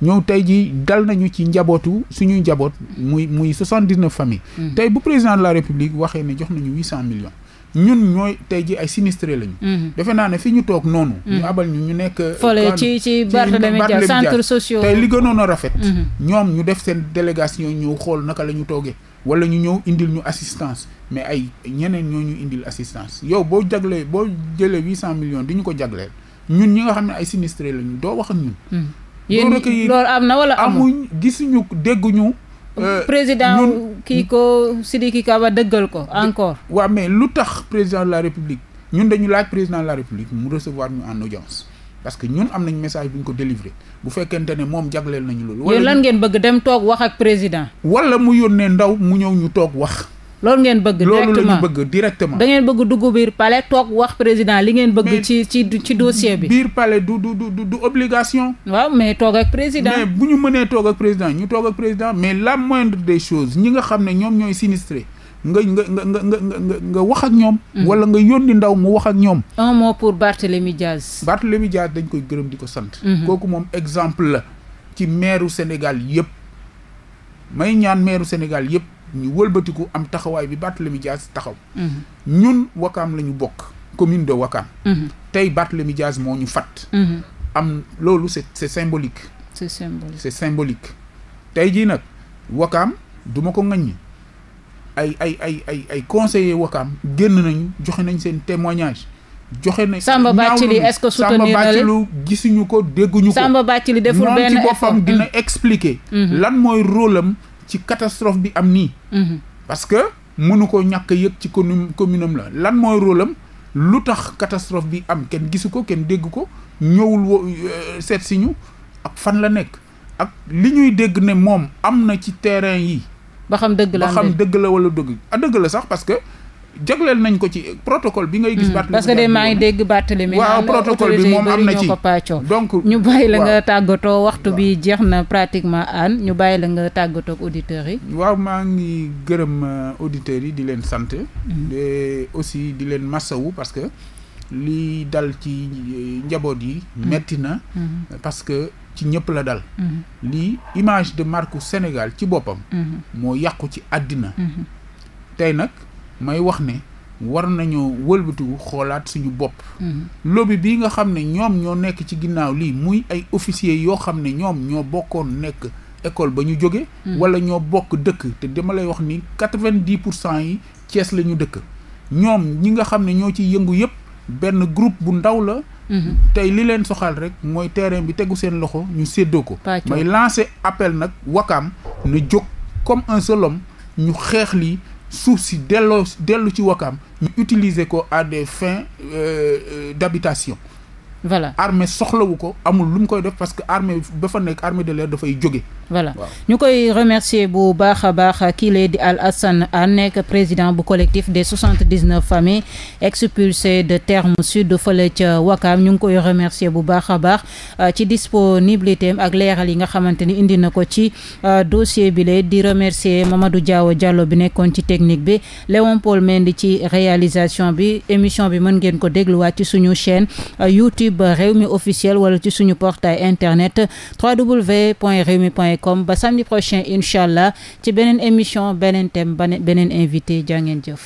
ñëw tey ji gal nañu ci njabootu suñuy njaboot muy muy soixante dix neuf familles. tey bu président de la république waxee ne jox nañu huit cent millions. ñun ñooy tey ji ay sinistré lañu. defe naa ne fi ñu toog noonu. ñu abal ñu ñu nekk. Euh, fële ci ci Barthélemy Dias centre tey li gënoon a rafet. ñoom ñu def seen délégation ñëw xool naka la ñu toogee. wala ñu ñëw indil ñu assistance mais ay ñeneen ñoo ñu indil assistance yow boo jaglee boo jëlee huit cent millions di ñu ko jagleel ñun ñi nga xam ne ay sinistré lañu doo wax ak ñun. Hmm. yéen loolu am na wala amuñ gisuñu dégguñu. Euh, président kii ko Sidiki Kaba dëggal ko encore. waa mais lu tax président de la république ñun dañu laaj président de la république mu recevoir ñu en audience. parce que ñun am nañ message bu ñu ko délivré bu fekkente ne moom jagleel nañu loolu. wala lan ngeen bëgg dem toog wax ak président. wala mu yónnee ndaw mu ñëw ñu toog wax. loolu ngeen bëgg directement loolu bëgg directement. da ngeen bëgg dugg biir palais toog wax président li ngeen bëgg. ci ci ci dossier bi. biir palais du du du obligation. waaw mais toog ak président. mais bu ñu mënee toog ak président ñu toog ak président mais la moindre de choses ñi nga xam ne ñoom ñooy sinistré. nga nga nga nga nga nga wax ak ñoom. Mm-hmm. wala nga yónni ndaw mu wax ak ñoom. un mot pour Barthélémy Diaz. Barthélémy Diaz dañ koy gërëm di ko sant. Mm-hmm. kooku moom exemple la ci meeru Sénégal yëpp. may ñaan meeru Sénégal yëpp ñu wëlbatiku am taxawaay bi Barthélémy Diaz taxaw. Mm-hmm. ñun Wakaam la ñu bokk commune de Wakaam. tey Barthélémy Diaz moo ñu fat am loolu c'est c'est symbolique. c'est symbolique c'est symbolique. tey jii nag Wakaam du ma ko ŋaññi. ay ay ay ay ay conseillers Wakam génn nañu joxe nañ seen témoignage joxe nañ. Samba Bathily est-ce que soutenir na leen Samba gisuñu ko dégguñu ko. Samba Bathily deful benn effort ci boppam dina expliquer. Mm-hmm. Mm-hmm. lan mooy rôle am ci catastrophe bi am nii. Mm-hmm. parce que mënu ko ñàkk yëg ci commune commune am la lan mooy rôle lu tax catastrophe bi am kenn gisu ko kenn dégg ko ñëwul wo euh, seet si ñu ak fan la nekk ak li ñuy dégg ne moom am na ci terrain yi. ba xam dëgg la ba xam dëgg la wala dëgg a ah, dëgg la sax parce que jagleel nañ ko ci protocole bi ngay gis. Hmm. Barthélemy parce que maa ngi dégg Barthélemy. waaw protocole bi moom am na ci donc ñu bàyyi la nga tàggatoo waxtu bi jeex na pratiquement ann ñu bàyyi la nga tàggatoo ak auditeurs yi. waaw maa ngi gërëm euh, auditeurs yi di leen sant. Hmm. aussi di leen massawu parce que li dal ci euh, njaboot yi. Hmm. metti na parce ci ñëpp la dal mm-hmm. lii image de marque Sénégal ci boppam mm-hmm. moo yàqu ci àddina mm-hmm. tey nag may wax ne war nañoo wëlbatiku xoolaat suñu bopp lobby bi nga xam ne ñoom ñoo nekk ci ginnaaw lii muy ay officier yoo xam ne ñoom ñoo bokkoon nekk école ba ñu jóge wala ñoo bokk dëkk te dama lay wax ni quatre vingt pour cent yi cees la ñu dëkk ñoom ñi nga xam ne ñoo ciy yëngu yëpp benn groupe bu ndaw la. Mhm. tey li leen soxal rek mooy terrain bi tegu seen loxo ñu séddoo ko. mooy lancer appel nag wakaam na jóg comme un seul ñu xeex li suuf si delloo dellu ci wakaam ñu utiliser ko à des fins euh, euh, d'habitation. voilà armée soxlawu ko amul lu mu koy def parce que armée ba fa nekk armée de l'air dafay jóge. voilà ñu koy remercier bu baax a baax kii lay Al Hassane Hann nekk président bu collectif des soixante dix neuf familles expulsées de terme sud fële ca Wakaam ñu ngi koy remercier bu baax a baax euh, ci disponibilité am ak leeral yi nga xamante ni indi na ko ci euh, dossier bi la di remercier Mamadou Diaw Diallo bi nekkoon ci technique bi Léon Paul Mendy ci réalisation bi émission bi mën ngeen ko dégluwaat ci suñu chaine euh, YouTube Rewmi officiel wala ci suñu portail internet comme ba samedi prochain incha allah ci beneen émission beneen thème beneen invité jaa ngeen jëf.